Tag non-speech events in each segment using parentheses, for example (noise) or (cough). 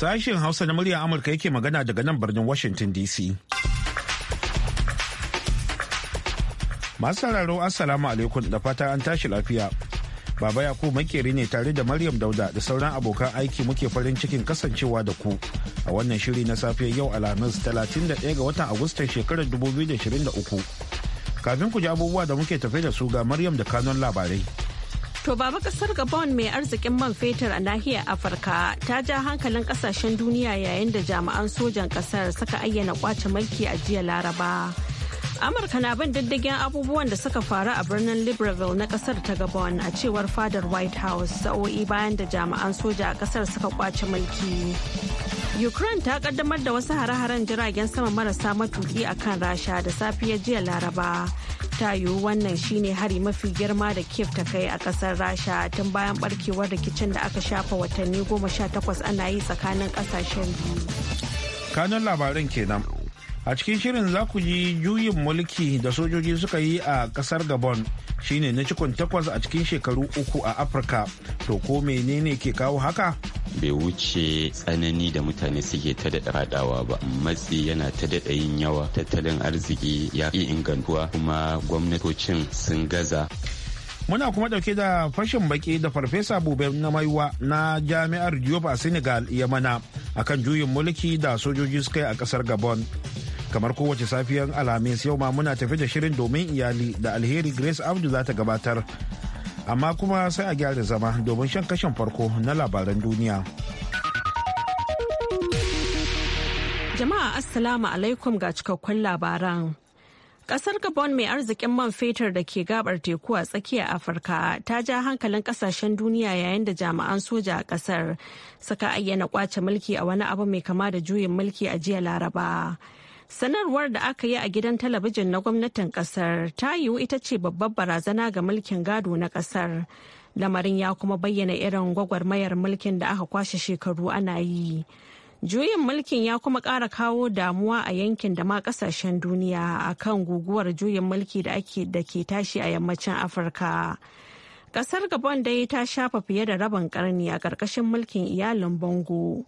Sashen Hausa na muryar Amurka yake magana daga nan birnin Washington DC. Masu sauraro Assalamu alaikum da fata an tashi lafiya. Baba Yakubu makeri ne tare da Maryam Dauda da sauran abokan aiki muke farin cikin kasancewa da ku a wannan shiri na safe yau Alhamis 31 ga watan Agustan shekarar 2023. Kafin ku ji abubuwa da muke tafe da su ga Maryam da kanun labarai. To baba kasar Gabon mai arzikin man fetur a nahiyar Afirka ta ja hankalin kasashen duniya yayin da jami'an sojan kasar suka ayyana kwace mulki a jiya Laraba. Amurka na bin diddigin abubuwan da suka faru a birnin Libreville na kasar ta Gabon a cewar fadar White House sa'o'i bayan da jami'an soja a kasar suka kwace mulki. Ukraine ta kaddamar da wasu hare-haren jiragen sama marasa matuki akan Rasha da safiyar jiya Laraba. ta yiwu wannan shine hari mafi girma da kiev ta kai a kasar rasha tun bayan barkewar rikicin da aka shafa watanni goma sha takwas ana yi tsakanin kasashen biyu kanun labaran kenan a cikin shirin za ku ji juyin mulki da sojoji suka yi a kasar gabon shine na cikon takwas a cikin shekaru uku a afirka to ko menene ke kawo haka bai wuce tsanani da mutane suke ta daɗa radawa ba matsi yana ta daɗa yin yawa tattalin arziki ya yi ingantuwa kuma gwamnatocin sun gaza muna kuma ɗauke da fashin baki da farfesa bube na maiwa na jami'ar diop a senegal ya mana akan juyin mulki da sojoji suka yi a ƙasar gabon kamar kowace safiyan alhamis yau ma muna tafi da shirin domin iyali da alheri grace abdu za ta gabatar amma kuma sai a gyara zama domin shan kashin farko na labaran duniya. Jama'a Assalamu alaikum ga cikakkun labaran. Kasar Gabon mai arzikin man fetur da ke gabar teku a tsakiyar Afirka ta ja hankalin kasashen duniya yayin da jami'an soja a kasar suka ayyana kwace mulki a wani abu mai kama da juyin mulki a jiya Laraba. sanarwar da aka yi a gidan talabijin na gwamnatin kasar ta yiwu ita ce babbar barazana ga mulkin gado na kasar lamarin ya kuma bayyana irin gwagwarmayar mulkin da aka kwashe shekaru ana yi juyin mulkin ya kuma ƙara kawo damuwa a yankin da ma ƙasashen duniya a kan guguwar juyin mulki da ake da ke tashi a yammacin afirka ƙasar gabon dai ta shafa fiye da rabin ƙarni a ƙarƙashin mulkin iyalin bango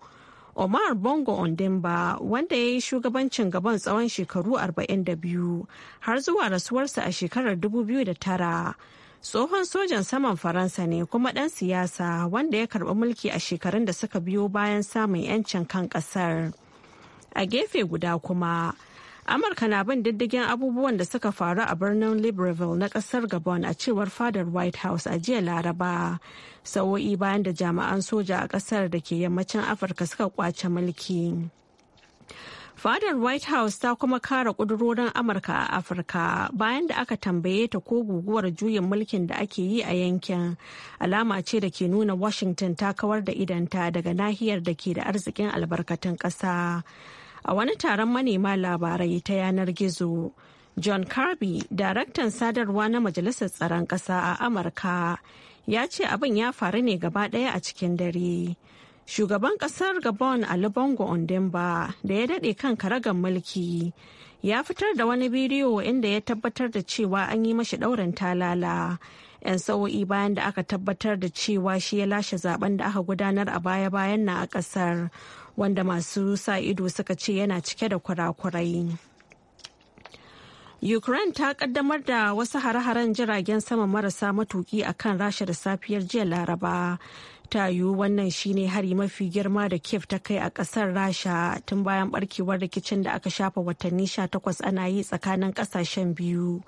Omar Bongo Ondimba wanda ya yi shugabancin gaban tsawon shekaru 42 har zuwa rasuwarsa a shekarar 2009. Tsohon sojan saman Faransa ne kuma ɗan siyasa wanda ya karɓi mulki a shekarun da suka biyo bayan samun 'yancin kan ƙasar. A gefe guda kuma, amurka na bin diddigin abubuwan da suka faru a birnin libreville na kasar gabon a cewar fadar white house a jiya laraba sa'o'i bayan da jami'an soja a kasar da ke yammacin afirka suka kwace mulki fadar white house ta kuma kara kudurorin amurka a afirka bayan da aka tambaye ta ko guguwar juyin mulkin da ake yi a yankin alama ce da ke nuna washington ta kawar da idanta daga nahiyar da ke da arzikin albarkatun kasa. a wani taron manema labarai ta yanar gizo. John Kirby, daraktan sadarwa na Majalisar Tsaron Ƙasa a Amurka, ya ce abin ya faru ne gaba ɗaya a cikin dare. Shugaban ƙasar Gabon Ali Bongo Ondimba da ya daɗe kan karagan mulki ya fitar da wani bidiyo inda ya tabbatar da cewa an yi mashi ɗaurin talala. 'yan sa'o'i bayan da aka tabbatar da cewa shi ya lashe zaben da aka gudanar a baya-bayan na a kasar wanda masu sa ido suka ce yana cike da kurakurai. ukraine ta kaddamar da wasu hare-haren jiragen sama marasa matuki a kan rasha da safiyar jiya laraba ta yiwu wannan shine hari mafi girma da kiev ta kai a kasar rasha tun bayan barkewar rikicin da aka shafa watanni 18 ana yi tsakanin kasashen biyu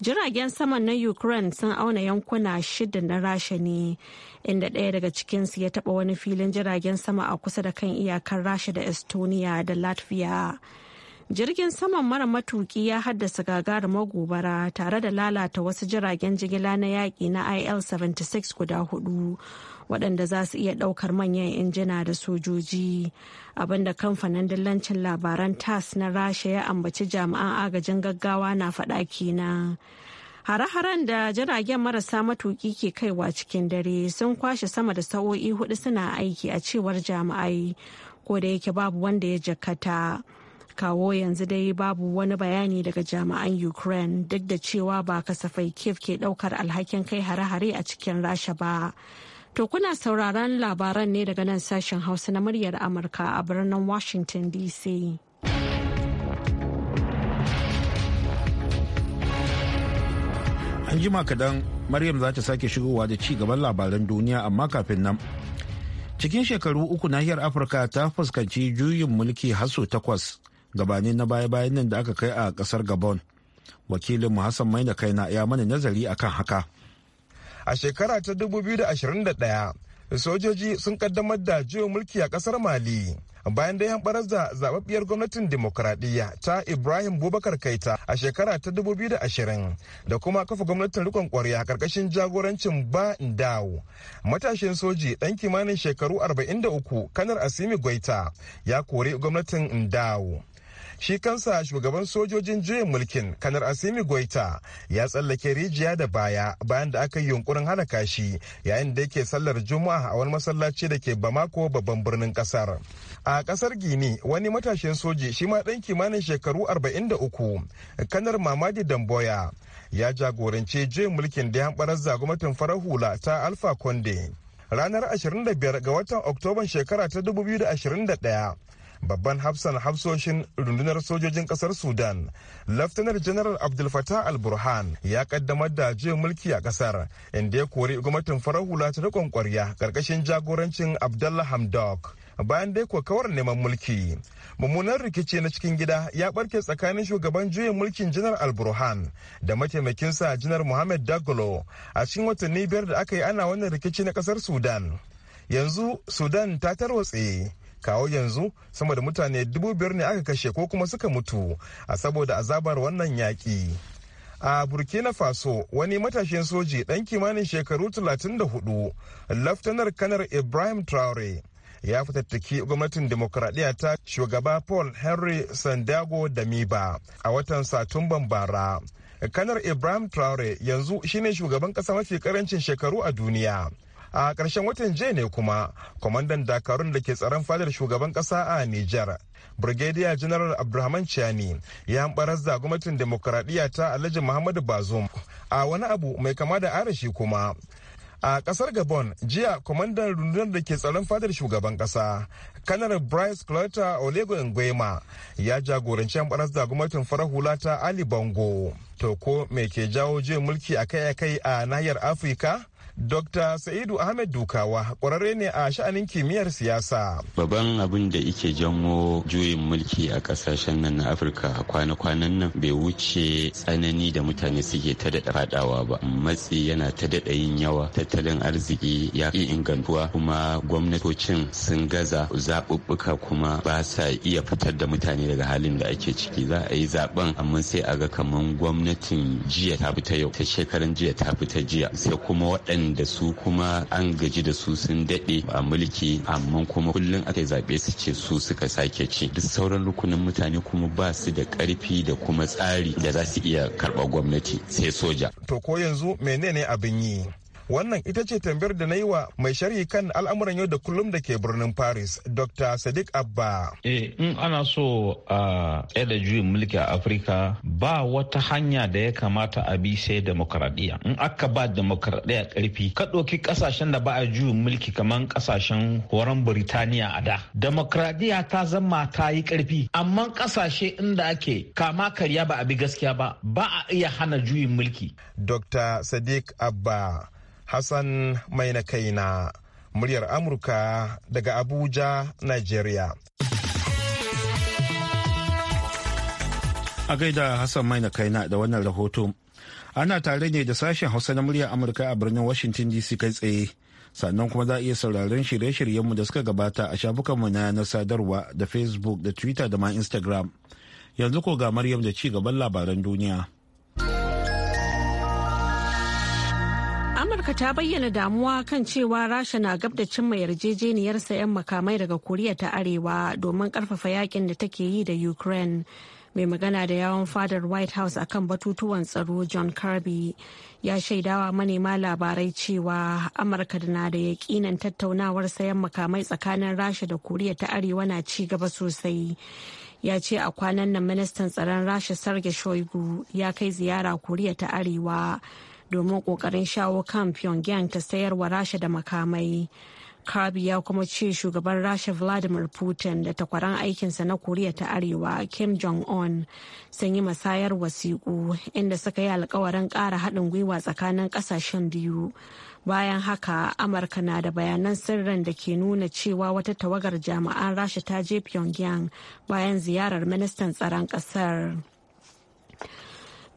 jiragen saman na ukraine sun auna yankuna shida na rasha ne inda ɗaya daga cikinsu ya taɓa wani filin jiragen sama a kusa da kan iyakar rasha da estonia da latvia jirgin saman mara matuki ya haddasa gagarumar magobara tare da lalata wasu jiragen jigila na yaƙi na il-76 guda hudu waɗanda za su iya ɗaukar manyan injina da sojoji abinda kamfanin dillancin labaran tas na rasha ya ambaci jami'an agajin gaggawa na faɗa kenan hare-haren da jiragen marasa matuki ke kaiwa cikin dare sun kwashe sama da sa'o'i hudu suna aiki a cewar jami'ai ko da yake babu wanda ya jakata kawo yanzu dai babu wani bayani daga jami'an ukraine duk da cewa ba kasafai kiev ke daukar alhakin kai hare-hare a cikin rasha ba To kuna sauraron labaran ne daga nan sashen Hausa na muryar Amurka a birnin Washington DC. An jima kadan Maryam za ta sake shigowa da ci gaban labaran duniya amma kafin nan. Cikin shekaru uku nahiyar Afirka ta fuskanci juyin mulki haso takwas gabani na baya-bayan nan da aka kai a ƙasar Gabon. Wakilin Hassan Maina Kaina ya mana nazari akan haka. a shekara ta 2021 sojoji sun kaddamar da juyin mulki a kasar mali bayan da hamɓarar da zababbiyar gwamnatin demokuraɗiyya ta ibrahim bubakar kaita a shekara ta 2020 da kuma kafa gwamnatin rikon kwarya karkashin jagorancin ba dawo. matashin soji ɗan kimanin shekaru 43 kanar asimi gwaita ya kori gwamnatin dawo. shi kansa shugaban sojojin juyin mulkin kanar asimi goita ya tsallake rijiya da baya bayan da aka yi yunkurin halaka shi yayin da yake sallar juma'a a wani masallaci da ke bamako babban birnin kasar a kasar gini wani matashin soji shi ma ɗan kimanin shekaru 43 kanar mamadi damboya ya jagoranci juyin mulkin da ya zagumatin farar hula ta alfa konde ranar 25 ga watan oktoban shekara ta 2021 babban hafsan hafsoshin rundunar sojojin kasar sudan laftanar janaral abdul fatah al-burhan ya kaddamar da juyan mulki a kasar inda ya kori gwamnatin farar hula ta rikon kwarya karkashin jagorancin abdullah hamdok bayan dai kokawar neman mulki mummunan rikici na cikin gida ya barke tsakanin shugaban juyin mulkin janar al-burhan da mataimakinsa janar muhammad daglo a cikin watanni biyar da aka yi ana wannan rikici na kasar sudan yanzu sudan ta tarwatse kawo yanzu sama da mutane dubu biyar ne aka kashe ko kuma suka mutu a saboda azabar wannan yaƙi a burkina faso wani matashin soji ɗan kimanin shekaru 34 laftanar kanar ibrahim traore ya fitattaki gwamnatin demokradiyya ta shugaba paul henry sandago da miba a watan satumban bara kanar ibrahim traore yanzu shine shugaban ƙasa mafi karancin shekaru a duniya a ƙarshen watan jiya ne kuma kwamandan dakarun da ke tsaron fadar shugaban ƙasa a nijar brigadier general abdulrahman chiani ya baras da gwamnatin demokuraɗiyya ta alhaji muhammadu bazum a wani abu mai kama da arashi kuma a kasar gabon jiya kwamandan rundunar da ke tsaron fadar shugaban kasa kanar bryce clotter olego nguema ya jagoranci yan da gwamnatin farar hula ta ali bongo to ko me ke jawo jiya mulki akai-akai a nahiyar afirka Dr. Sa'idu Ahmed Dukawa ƙwararre ne a sha'anin kimiyyar siyasa. Babban abin da ike janwo juyin mulki a ƙasashen nan na Afirka a kwana-kwanan nan bai wuce tsanani da mutane suke ta daɗa faɗawa ba. Matsi yana ta daɗa yin yawa, tattalin arziki ya fi ingantuwa kuma gwamnatocin sun gaza zaɓuɓɓuka kuma ba sa iya fitar da mutane daga halin da ake ciki. Za a yi zaɓen amma sai a ga kamar gwamnatin jiya ta fita yau, ta shekaran jiya ta fita jiya, sai kuma waɗanda da su kuma an gaji da su sun daɗe a mulki amma kuma kullum aka zaɓe su ce su suka sake ci duk sauran rukunin mutane kuma ba su da ƙarfi da kuma tsari da za su iya karɓar gwamnati sai soja. To ko yanzu menene abin yi? Wannan ita ce tambayar da na yi wa mai sharhi kan al'amuran yau da kullum da ke birnin Paris, Dr. Sadiq Abba. Eh, in ana so a yada juyin mulki a Afirka ba wata hanya da ya kamata a bi sai demokradiyya. In aka ba demokradiyya karfi, ka ɗauki ƙasashen da ba a juyin mulki kamar ƙasashen horon Birtaniya a da. Demokradiyya ta zama ta yi karfi, amma ƙasashe inda ake kama karya ba a bi gaskiya ba, ba a iya hana juyin mulki. Dr. Sadiq Abba Hassan mai na kaina muryar Amurka daga Abuja, Nigeria. A gaida Hassan mai na kaina da wannan rahoto. Ana tare ne da sashen Hausa na muryar Amurka a birnin Washington DC kai tsaye. sannan kuma za a iya sauraron shirye-shiryenmu da suka gabata a shafukanmu na sadarwa da facebook da twitter da ma instagram yanzu ko ga maryam da ci gaban labaran duniya ta bayyana damuwa kan cewa rasha na gab da cimma yarjejeniyar sayan makamai daga koriya ta arewa domin karfafa yakin da take yi da ukraine mai magana da yawon fadar white house akan batutuwan tsaro john kirby ya shaidawa manema labarai cewa amurka na da yakinan tattaunawar sayan makamai tsakanin rasha da koriya ta arewa na ci gaba sosai ya ce a kwanan nan ministan tsaron rasha sarge shoigu ya kai ziyara koriya ta arewa domin kokarin shawo kan pyongyang ta sayarwa rasha da makamai Kirby ya kuma ce shugaban Rasha Vladimir Putin da takwaran aikinsa na Koriya ta Arewa Kim Jong-un sun yi masayar wasiƙu inda suka yi alkawarin ƙara haɗin gwiwa tsakanin ƙasashen biyu. Bayan haka, Amurka na da bayanan sirrin da ke nuna cewa wata tawagar jami'an Rasha ta je Pyongyang bayan ziyarar ministan tsaron ƙasar.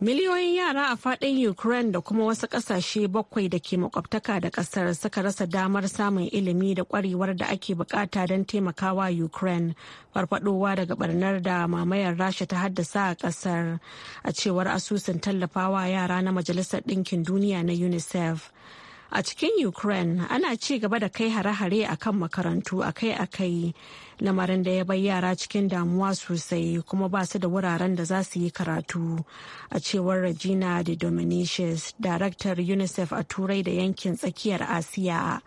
Miliyoyin yara a faɗin Ukraine da kuma wasu ƙasashe bakwai da ke makwabtaka da ƙasar suka rasa damar samun ilimi da ƙwarewar da ake bukata don taimakawa Ukraine farfadowa daga barnar da mamayar Rasha ta haddasa a ƙasar a cewar asusun tallafawa yara na Majalisar Ɗinkin Duniya na UNICEF. A cikin Ukraine ana ci gaba da kai hare-hare a kan makarantu akai-akai lamarin da ya bai yara cikin damuwa sosai kuma ba su da wuraren da za su yi karatu a cewar Regina de Dominicis, Daraktar UNICEF a Turai da yankin tsakiyar Asiya.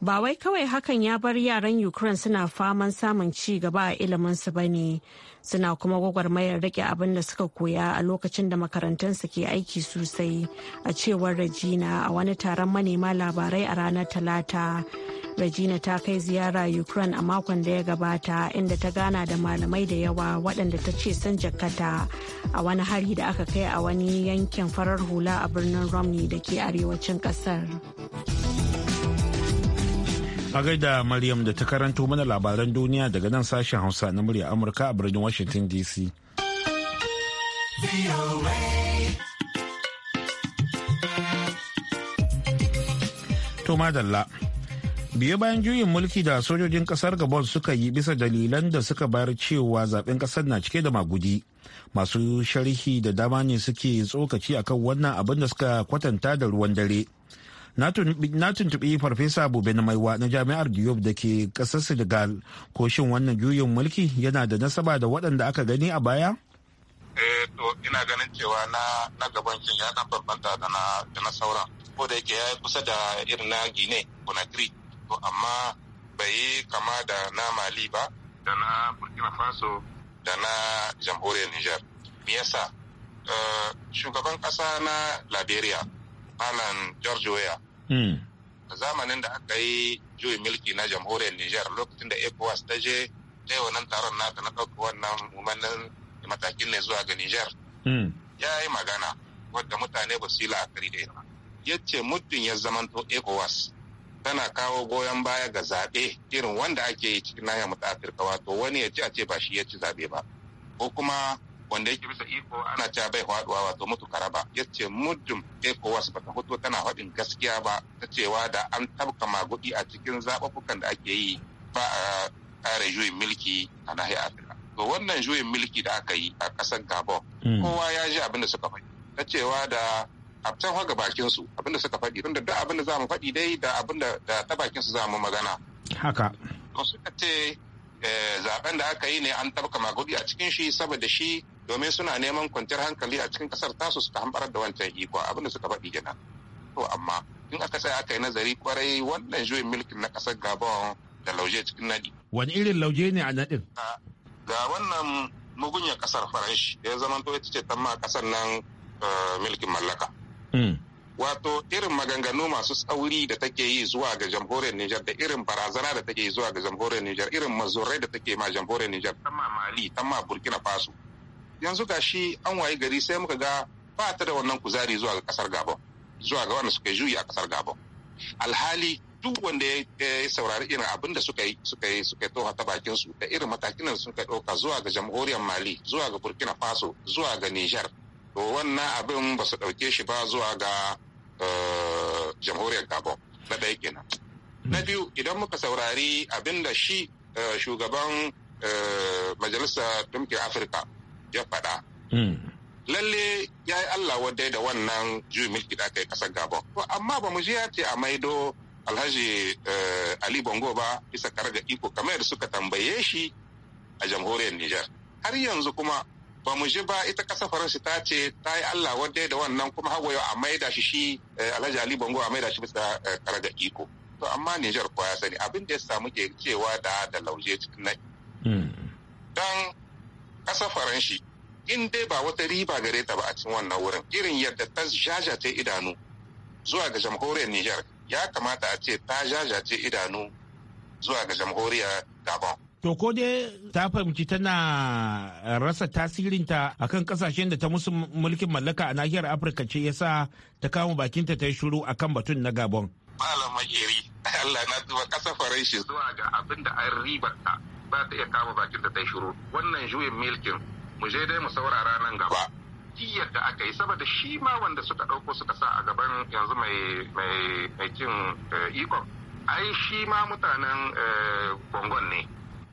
ba wai kawai hakan ya bar yaran ukraine suna faman samun ci gaba a iliminsu ba ne suna kuma gwagwarmayar rike abin da suka koya a lokacin da makarantunsu ke aiki sosai a cewar regina a wani taron manema labarai a ranar talata regina ta kai ziyara ukraine a makon da ya gabata inda ta gana da malamai da yawa waɗanda ta ce sun jakata a wani hari da aka kai a wani yankin farar hula a birnin romney da ke arewacin ƙasar. A gaida Maryam da ta karanto mana labaran duniya daga nan sashen Hausa na murya Amurka a birnin Washington DC. To madalla. biye bayan juyin mulki da sojojin kasar gabon suka yi bisa dalilan da suka bayar cewa zaben kasar na cike da magudi masu sharhi da dama ne suke tsokaci akan wannan abin da suka kwatanta da ruwan dare na tuntuɓi farfesa gobe na maiwa na jami'ar diop da ke ƙasar senegal ko shin wannan juyin mulki yana da nasaba da waɗanda aka gani a baya eh to ina ganin cewa na na gaban shi ya dan bambanta da na da sauran ko da yake ya kusa da irin na gine conakry to amma bai yi kama da na mali ba da na burkina faso da na jamhuriyar niger me yasa eh, shugaban kasa na liberia malam george weah hmm. zamanin da aka yi juyin mulki na jamhuriyar nijar lokacin da ecowas ta je ta yi wannan taron nata na ɗauka wannan umarnin matakin ne zuwa ga nijar. Hmm. ya yi magana wadda mutane ba su yi la'akari da ita ya ce muddin ya zamanto ecowas tana kawo goyon baya ga zaɓe irin wanda ake yi cikin nahiyar mu wato wani ya ci a ce ba shi ya ci zaɓe ba ko kuma wanda yake bisa iko ana cewa bai faduwa wato mutu karaba ya ce muddin ecowas ba ta fito tana faɗin gaskiya ba ta cewa da an tabka magudi a cikin zaɓuɓɓukan da ake yi ba a ƙara juyin milki a nahiyar afirka to wannan juyin milki da aka yi a ƙasar gabon hmm. kowa ya ji abin da suka faɗi ta cewa da a can haga bakin su abin da suka faɗi tunda duk abin da za mu faɗi dai da abin da ta bakin su za mu magana haka to suka ce eh, zaben da aka yi ne an tabka magudi a cikin shi saboda shi domin suna neman kwanciyar hankali a cikin kasar tasu suka hambarar da wancan iko abin da suka faɗi kenan to amma in aka tsaya aka yi nazari kwarai wannan juyin mulkin na kasar gabon da lauje cikin nadi wani irin lauje ne a nadin ga wannan mugunyar kasar faransh ya zama to ita ce tamma kasar nan eh, mulkin mallaka hmm. wato irin maganganu masu tsauri da take yi zuwa ga jamhuriyar Nijar da irin barazana da take yi zuwa ga jamhuriyar Nijar irin mazurai da take ma jamhuriyar Nijar tamma Mali tamma Burkina Faso yanzu ga shi an waye gari sai muka ga ba ta da wannan kuzari zuwa ga kasar gabon zuwa ga wanda suka juyi a kasar gabon alhali duk wanda ya saurari irin abin da suka yi suka yi suka toha ta bakin su da irin matakin da suka ɗauka zuwa ga jamhuriyar mali zuwa ga burkina faso zuwa ga niger to wannan abin ba su ɗauke shi ba zuwa ga eh, jamhuriyar gabon na ɗaya kenan na biyu idan muka saurari abin da shi eh, shugaban eh, majalisar ɗumkin afirka ya faɗa. Hmm. Lalle ya yi Allah wadda da wannan juyi milki da aka yi ƙasar Gabon. Amma ba mu ya ce a maido Alhaji eh, Ali Bongo ba bisa karga iko kamar yadda suka tambaye shi a jamhuriyar Nijar. Har yanzu kuma ba mu ji ba ita ƙasar Faransa ta ce ta yi Allah wadda da wannan kuma hawaye a maida shi shi eh, Alhaji Ali Bongo a maida shi bisa eh, karga iko. To amma Nijar kuwa ya sani abin da ya samu ke cewa da da lauje cikin nai. Hmm. Dan ƙasar faranshi in dai ba wata riba gare ta ba a cikin wannan wurin irin yadda ta jajace idanu zuwa ga jamhuriyar Nijar ya kamata a ce ta jajace idanu zuwa ga jamhuriyar Gabon. To ko dai ta fahimci tana rasa tasirinta a kan kasashen da ta musu mulkin mallaka a nahiyar Afirka ce yasa ta kama bakinta ta yi shuru a kan batun na Gabon. Malam Makeri, (laughs) Allah na zuba ƙasa faranshi zuwa ga abin da an ta. ba ta iya kama bakin da ta shiru wannan juyin milkin mu je dai mu saurara nan gaba Jiya da aka yi saboda shi ma wanda suka ɗauko suka sa a gaban yanzu mai cin eh, ikon ai shi ma mutanen gongon eh, ne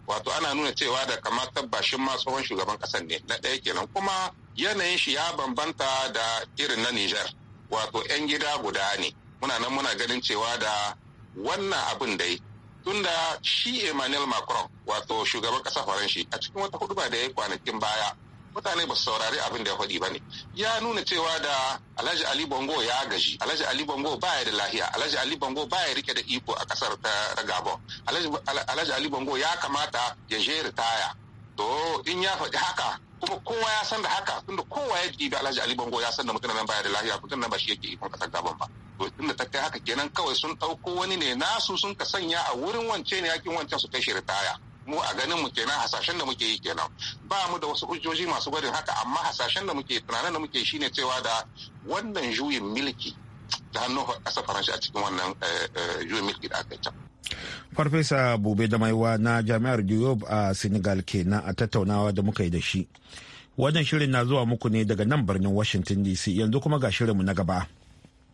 wato ana nuna cewa da kama tabbashin ma tsohon shugaban ƙasar ne na ɗaya kenan kuma yanayin shi ya bambanta da irin na Nijar wato 'yan gida guda ne muna nan muna ganin cewa da wannan abin dai tunda shi Emmanuel Macron wato shugaban kasa Faranshi a cikin wata huduba da ya kwanakin baya mutane ba su saurari abin da ya faɗi ba ne ya nuna cewa da alhaji ali bongo ya gaji alhaji ali bongo baya da lahiya alhaji ali bongo baya rike da iko a kasar ta gabon alhaji ali bongo ya kamata ya je ritaya to in ya faɗi haka kuma kowa ya san da haka tunda kowa ya ji da alhaji ali bongo ya san da mutum nan baya da lahiya mutum nan ba shi yake ikon kasar gabon ba tunda ta kai haka kenan kawai sun ɗauko wani ne nasu sun ka sanya a wurin wance ne yakin wancan su kai shi ritaya mu a ganin mu kenan hasashen da muke yi kenan ba mu da wasu hujjoji masu gwadin haka amma hasashen da muke tunanin da muke shine cewa da wannan juyin milki da hannun ƙasa faransa a cikin wannan eh, eh, juyin milki da aka yi farfesa bube da maiwa na jami'ar diop a senegal kenan a tattaunawa da muka yi da shi wannan shirin na zuwa muku ne daga nan birnin washington dc yanzu kuma ga shirinmu na gaba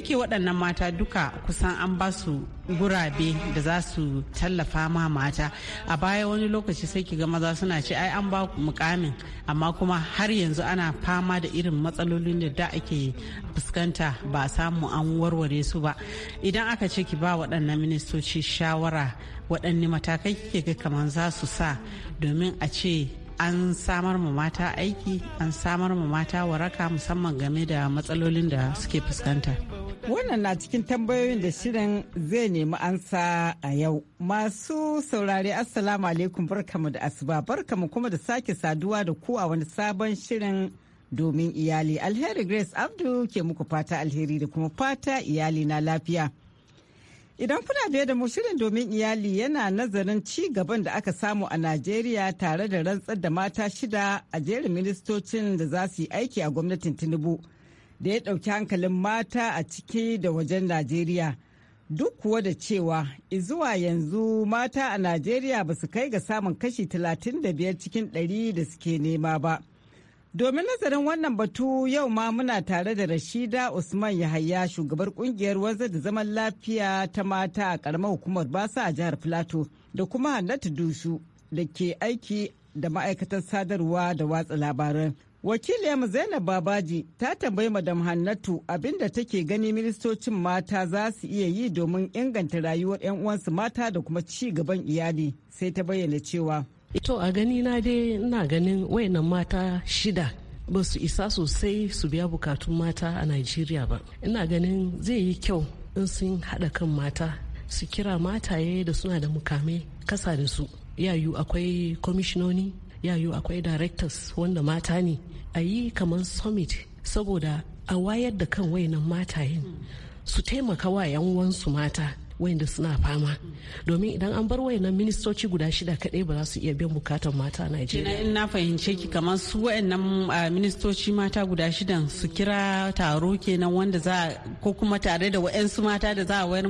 yake waɗannan mata duka kusan an ba su gurabe da za su tallafa ma mata a baya wani lokaci sai ki ga maza suna ce ai an ba mukamin amma kuma har yanzu ana fama da irin matsalolin da da ake fuskanta ba samu an warware su ba idan aka ce ki ba waɗannan ministoci shawara waɗanne matakai kike ga kamar za su sa domin a ce an samar ma mata aiki an samar ma mata waraka musamman game da matsalolin da suke fuskanta. Wannan na cikin tambayoyin da shirin zai nemi ansa a yau. Masu saurare Assalamu alaikum barkamu da asuba barkamu kuma da sake saduwa da ku a wani sabon shirin domin iyali. Alheri Grace Abdu ke muku fata alheri da kuma fata iyali na lafiya. Idan kuna biye da mu shirin domin iyali yana nazarin ci gaban da aka samu a Najeriya tare da rantsar da mata shida a jerin ministocin da za su yi aiki a gwamnatin Tinubu. da ya ɗauki hankalin mata a ciki da wajen Najeriya. Duk kuwa da cewa zuwa yanzu mata a Najeriya ba su kai ga samun kashi 35 cikin 100 da suke nema ba. Domin nazarin wannan batu yau ma muna tare da Rashida Usman Yahaya shugabar kungiyar wanzar da zaman lafiya ta mata a karamar hukumar basa a jihar Filato da kuma Hannatu dusu da ke aiki da ma'aikatar sadarwa da watsa labaran Wakiliyarmu Zainab Babaji ta tambayi Madam Hannatu abinda take gani ministocin mata za su iya yi domin inganta rayuwar 'yan uwansu mata da kuma ci gaban iyali sai ta bayyana cewa. To a gani na dai ina ganin wayannan mata shida ba su isa sosai su biya bukatun mata a Najeriya ba. Ina ganin zai yi kyau in sun haɗa kan mata su kira mataye da suna da mukamai kasa da su. Yayu akwai kwamishinoni yayu akwai directors wanda mata ne a yi kamar summit saboda a wayar da kan wayannan matayen su taimaka wa 'yan uwansu mata wayanda suna fama domin idan an bar wayannan ministoci guda shida kadai ba za su iya biyan bukatar mata a Najeriya. in na fahimce ki kamar su wayannan ah, ministoci mata guda shidan su kira taro kenan wanda za ko kuma tare da wayansu mata da za a wayar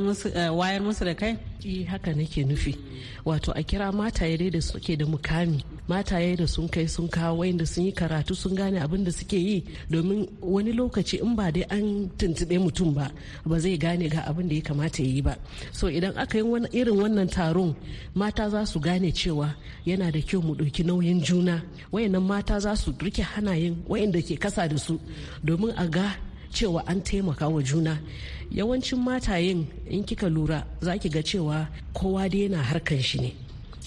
musu eh, da kai? Eh haka nake nufi. Wato a kira mata ya da suke da mukami mataye da sun kai sun kawo wayanda sun yi karatu sun gane abin da suke yi domin wani lokaci in ba dai an tuntube mutum ba ba zai gane ga abin da ya kamata ya yi ba so idan aka yi irin wannan taron mata za su gane cewa yana da kyau mu ɗauki nauyin juna wayannan mata za su rike hanayen wayanda ke kasa da su domin a ga cewa an taimaka wa juna yawancin matayen in kika lura za ki ga cewa kowa dai yana harkan shi ne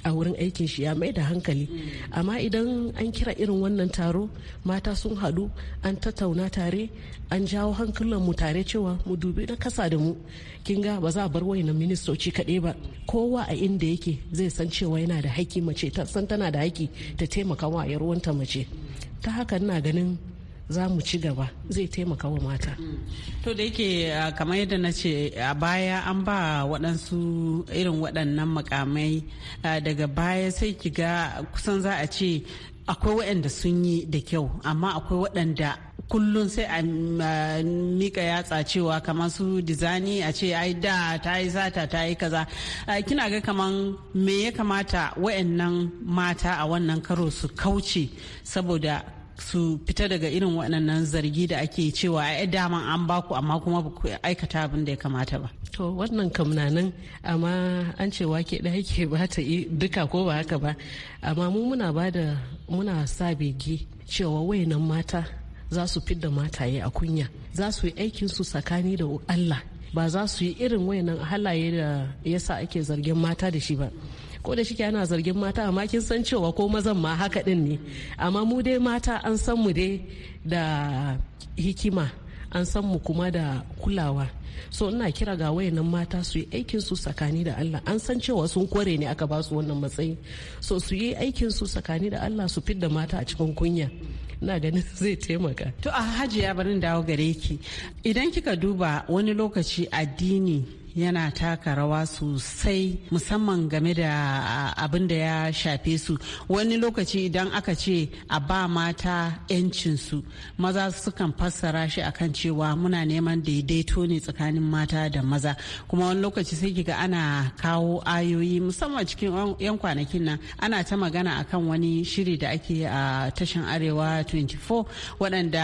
a wurin aikin shi ya mai da hankali amma idan an kira irin wannan taro mata sun hadu an tattauna tare an jawo hankulan mu tare cewa mu dubi na kasa da mu kin ga ba za a bar wayannan ministoci kaɗai ba kowa a inda yake zai san cewa yana da haƙƙi mace ta san tana da haƙƙi ta taimaka wa yarwanta mace ta haka ina ganin za mu ci gaba zai taimaka wa mata. To da yake kamar yadda na ce a baya an ba waɗansu irin waɗannan makamai daga baya sai ki ga kusan za a ce akwai waɗanda sun yi da kyau amma akwai waɗanda kullum sai a mika yatsa cewa kamar su dizani a ce ai da ta yi sata ta yi kaza kina ga kamar me ya kamata wayannan mata a wannan karo su kauce saboda su fita daga irin waɗannan zargi da ake cewa ai daman an baku amma kuma ba ku aikata abin da ya kamata ba. To wannan kam na nan amma an ce wake ɗaya ke ba ta duka ko ba haka ba amma mu muna ba da muna sa bege cewa wayannan mata za su fidda mataye a kunya za su yi aikin su tsakani da Allah ba za su yi irin wayannan halaye da yasa ake zargin mata da shi ba. ko da shike ana zargin mata amma kin san cewa ko mazan ma haka din ne amma mu dai mata an san mu dai da hikima an san mu kuma da kulawa so ina kira ga wayannan mata su yi aikin su tsakani da Allah an san cewa sun kware ne aka basu wannan matsayi so su yi aikin su tsakani da Allah su fidda mata a cikin kunya na ganin (laughs) zai taimaka. To a hajiya barin dawo gare ki idan kika duba wani lokaci addini yana taka rawa sosai musamman game da abin da ya shafe su wani lokaci idan aka ce a ba mata 'yancinsu maza sukan fassara shi akan cewa muna neman daidaito ne tsakanin mata da maza kuma wani lokaci sai kiga ana kawo ayoyi musamman cikin 'yan kwanakin nan ana ta magana akan wani shiri da ake a tashin arewa 24 waɗanda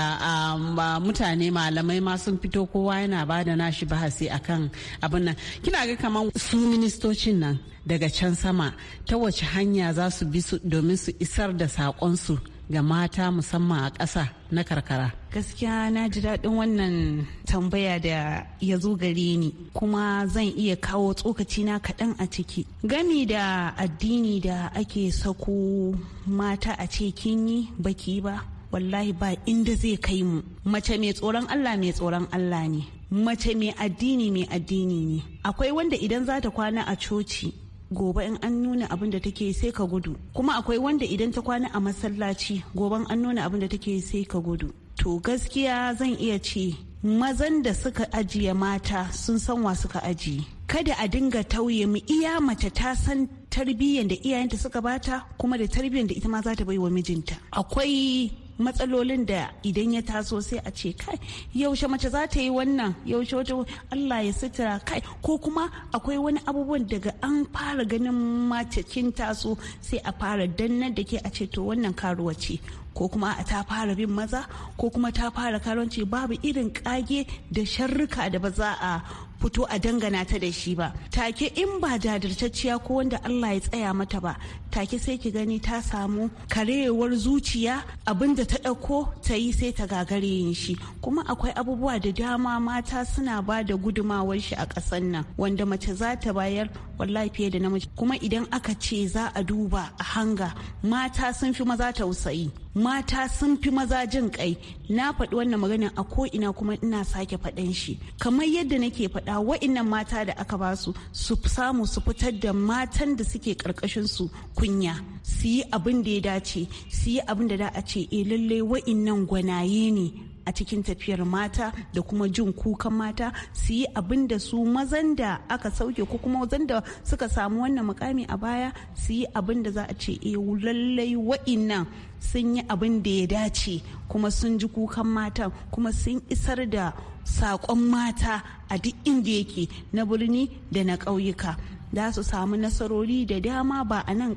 mutane malamai ma sun fito kowa yana ba da nashi bahasi akan abin abin nan kina ga kamar su ministocin nan daga can sama ta wace hanya za su bi su domin su isar da saƙonsu ga mata musamman a ƙasa na karkara gaskiya na ji daɗin wannan tambaya da ya zo gare ni kuma zan iya kawo tsokaci na kaɗan a ciki gami da addini da ake sako mata a ce kin yi baki ba wallahi ba inda zai kai mu mace mai tsoron allah mai tsoron allah ne mace mai addini mai addini ne akwai wanda idan za ta kwana a coci gobe in an nuna abin da take sai ka gudu kuma akwai wanda idan ta kwana a masallaci gobe an nuna abin da take sai ka gudu to gaskiya zan iya ce mazan da suka ajiye mata sun san wa suka ajiye kada a dinga tauye mu iya mace ta san tarbiyyar da iyayenta suka bata kuma da tarbiyyar da ita ma za ta bai wa mijinta akwai matsalolin da idan ya taso sai a ce kai yaushe mace za ta yi wannan yaushe wata Allah ya sutura kai ko kuma akwai wani abubuwan daga an fara ganin matakin taso sai a fara danna da ke a ce to wannan karuwa ce ko kuma a ta fara bin maza ko kuma ta fara karuwanci babu irin kage da sharruka da ba za a fito a dangana ta da shi ba take in ba jajirtacciya ko wanda Allah ya tsaya mata ba take sai ki gani ta samu karewar zuciya abinda ta ɗauko ta yi sai ta gagare yin shi kuma akwai abubuwa da dama mata suna ba da gudumawar shi a ƙasar nan wanda mace za ta bayar wallahi fiye da namiji kuma idan aka ce za a duba a hanga mata sun fi maza tausayi mata sun fi maza jin kai na faɗi wannan magana a ko ina kuma ina sake faɗan shi kamar yadda nake faɗa wa'innan mata da aka basu su su samu su fitar da matan da suke ƙarƙashin su kunya su yi abin da ya dace su yi abin da da a ce e eh, lallai wa'innan gwanaye ne a cikin tafiyar mata da kuma jin kukan mata su yi abin da su mazan da aka sauke ko kuma mazan da suka samu wannan mukami a baya su yi abin da za a ce e eh, lallai wa'innan sun yi abin da ya dace kuma sun ji kukan mata kuma sun isar da saƙon mata a duk inda yake na birni da na ƙauyuka za su samu nasarori da dama ba a nan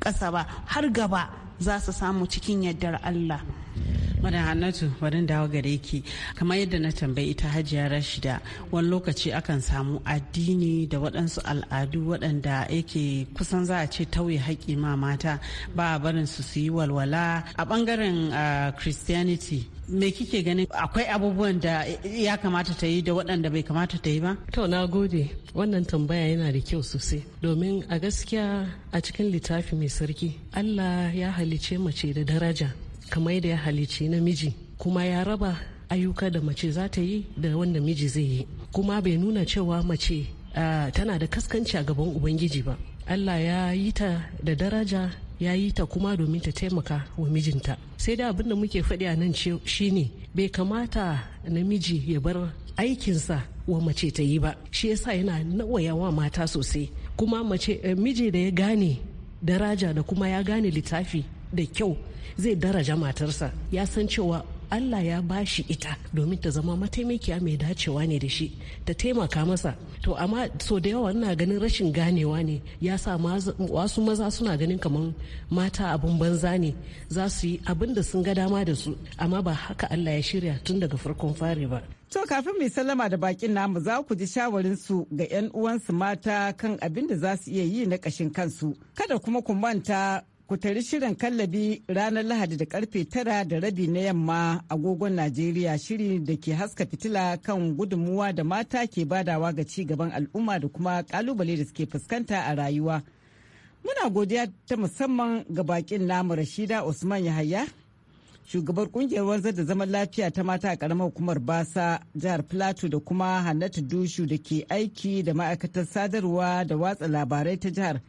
ƙasa ba har gaba za su samu cikin yardar Allah. Madan Hannatu bari dawo gare ki kamar yadda na tambayi ita Hajiya Rashida wani lokaci akan samu addini da waɗansu al'adu waɗanda yake kusan za a ce tauye haƙƙi ma mata ba a barin su su yi walwala a ɓangaren Christianity me kike ganin akwai abubuwan da ya kamata ta yi da waɗanda bai kamata ta yi ba? To na gode wannan tambaya yana da kyau sosai domin a gaskiya a cikin littafi mai sarki Allah ya halice mace da daraja kamar da ya halici namiji kuma ya raba ayyuka da mace za ta yi da wanda miji zai yi kuma bai nuna cewa mace tana da kaskanci a gaban ubangiji ba allah ya yi ta da daraja ya yi ta kuma domin ta taimaka wa mijinta sai dai abin da muke faɗi a nan shine bai kamata namiji ya bar aikinsa wa mace ta yi ba shi yasa yana nawaya wa mata sosai kuma mace eh, miji da ya gane daraja da kuma ya gane littafi da kyau zai daraja matarsa ya san cewa Allah ya ba shi ita domin ta zama mataimakiya mai dacewa ne da shi ta taimaka masa to amma so da yawa ina ganin rashin ganewa ne ya sa wasu maza suna ganin kamar mata abin banza ne za su yi abin da sun ga dama da su amma ba haka Allah ya shirya tun daga farkon fari ba to kafin mai sallama da bakin namu za ku ji shawarinsu ga 'yan uwansu mata kan abin da za su iya yi na kashin kansu kada kuma ku manta ku tari shirin kallabi ranar lahadi da karfe tara da rabi na yamma agogon najeriya shiri da ke haska fitila kan gudunmuwa da mata ke badawa ga ci gaban al'umma da kuma kalubale da suke fuskanta a rayuwa muna godiya ta musamman ga bakin namu rashida usman yahaya shugabar kungiyar wanzar da zaman lafiya ta mata a karamar hukumar basa jihar plateau da kuma hannatu dushu da ke aiki da ma'aikatar sadarwa da watsa labarai ta jihar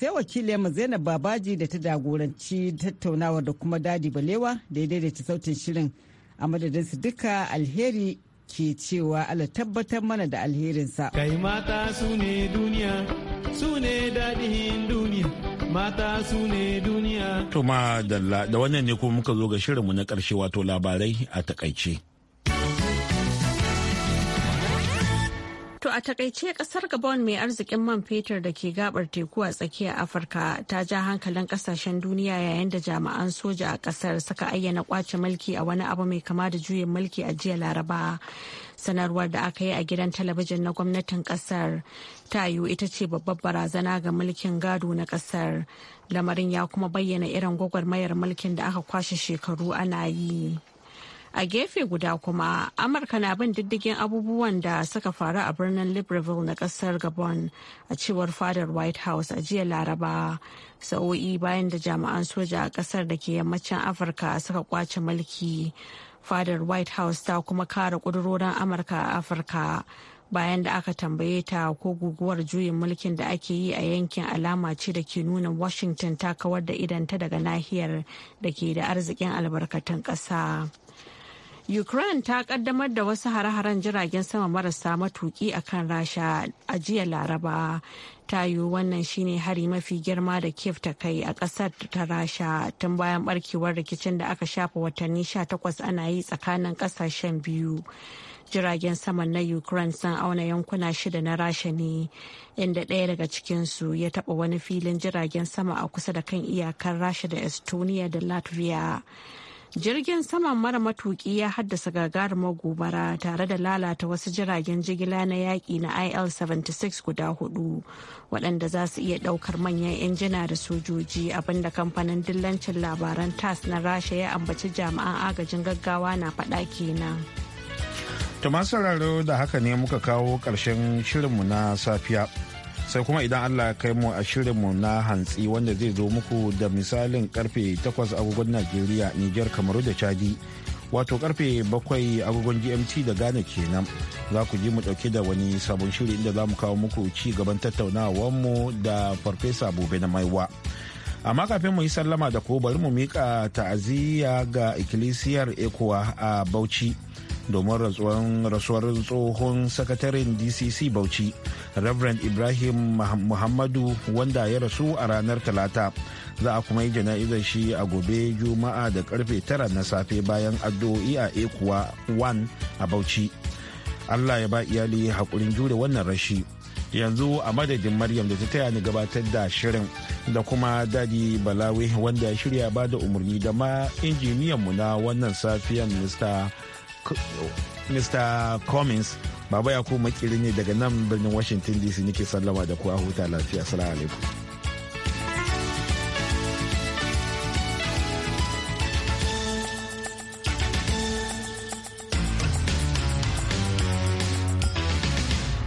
sai wakiliyarmu zainab babaji da ta jagoranci tattaunawar da kuma dadi balewa daidai da ta sautin shirin a madadin su duka alheri ke cewa ala tabbatar mana da alherinsa kai mata su ne duniya su ne dadihin duniya mata su ne duniya to da wannan ne kuma muka zo ga shirinmu na karshe wato labarai a takaice To a takaice kasar Gabon mai arzikin man fetur da ke gabar teku a tsakiyar Afirka ta ja hankalin kasashen duniya yayin da jami'an soja a kasar suka ayyana kwace mulki a wani abu mai kama da juyin mulki a jiya Laraba. Sanarwar da aka yi a gidan talabijin na gwamnatin kasar ta yiwu ita ce babbar barazana ga mulkin gado na kasar. Lamarin ya kuma bayyana irin gwagwarmayar mulkin da aka kwashe shekaru ana yi. a gefe guda kuma amurka na bin diddigin abubuwan da suka faru a birnin libreville na kasar gabon a cewar fadar white house a jiya laraba sa'o'i bayan da jami'an soja a kasar da ke yammacin afirka suka kwace mulki fadar white house ta kuma kara kudurorin amurka a afirka bayan da aka tambaye ta ko guguwar juyin mulkin da ake yi a yankin alama ce da ke nuna washington ta kawar da idanta daga nahiyar da ke da arzikin albarkatun ƙasa. Ukraine ta kaddamar da wasu hare-haren jiragen sama marasa matuki a kan Rasha a jiya Laraba. Ta yi wannan shine hari mafi girma da Kiev ta kai a kasar ta Rasha tun bayan barkewar rikicin da aka shafa watanni 18 ana yi tsakanin kasashen biyu. Jiragen sama na Ukraine sun auna yankuna shida na Rasha ne, inda ɗaya daga cikinsu ya taɓa wani filin jiragen sama a kusa da kan iyakar Rasha da Estonia da Latvia. jirgin saman mara matuki ya haddasa gagarumar gobara tare da lalata wasu jiragen jigila na yaƙi na il-76 guda hudu waɗanda za su iya ɗaukar manyan injina da sojoji abinda kamfanin dillancin labaran tas na rasha ya ambaci jami'an agajin gaggawa na faɗa kenan. to masu da haka ne muka kawo ƙarshen shirinmu na safiya sai kuma idan allah ya kai mu a shirinmu na hantsi wanda zai zo muku da misalin karfe 8 agogon najeriya niger kamaru da chadi wato karfe 7 agogon gmt da ghana kenan za ku ji mu dauke da wani sabon shiri inda za mu kawo muku ci gaban tattaunawar mu da farfesa bobe na maiwa amma kafin mu yi sallama da ko bari mu mika ta'aziyya ga ikkilisiyar ekowa a bauchi domin rasuwar tsohon sakataren dcc bauchi reverend ibrahim muhammadu wanda ya rasu a ranar talata za a kuma yi jana'izar shi a gobe juma'a da karfe tara na safe bayan addu'o'i a ekuwa 1 a bauchi allah ya ba iyali haƙurin jure wannan rashi yanzu a madadin maryam da ta taya ni gabatar da shirin da kuma dadi balawe wanda ya shirya ba da umarni da ma injiniyan mu na wannan safiyan mr Mr. Cummins Baba Yakubu makiri ne daga nan birnin Washington DC nake sallama da ku a huta lafiya. Assalamu alaikum.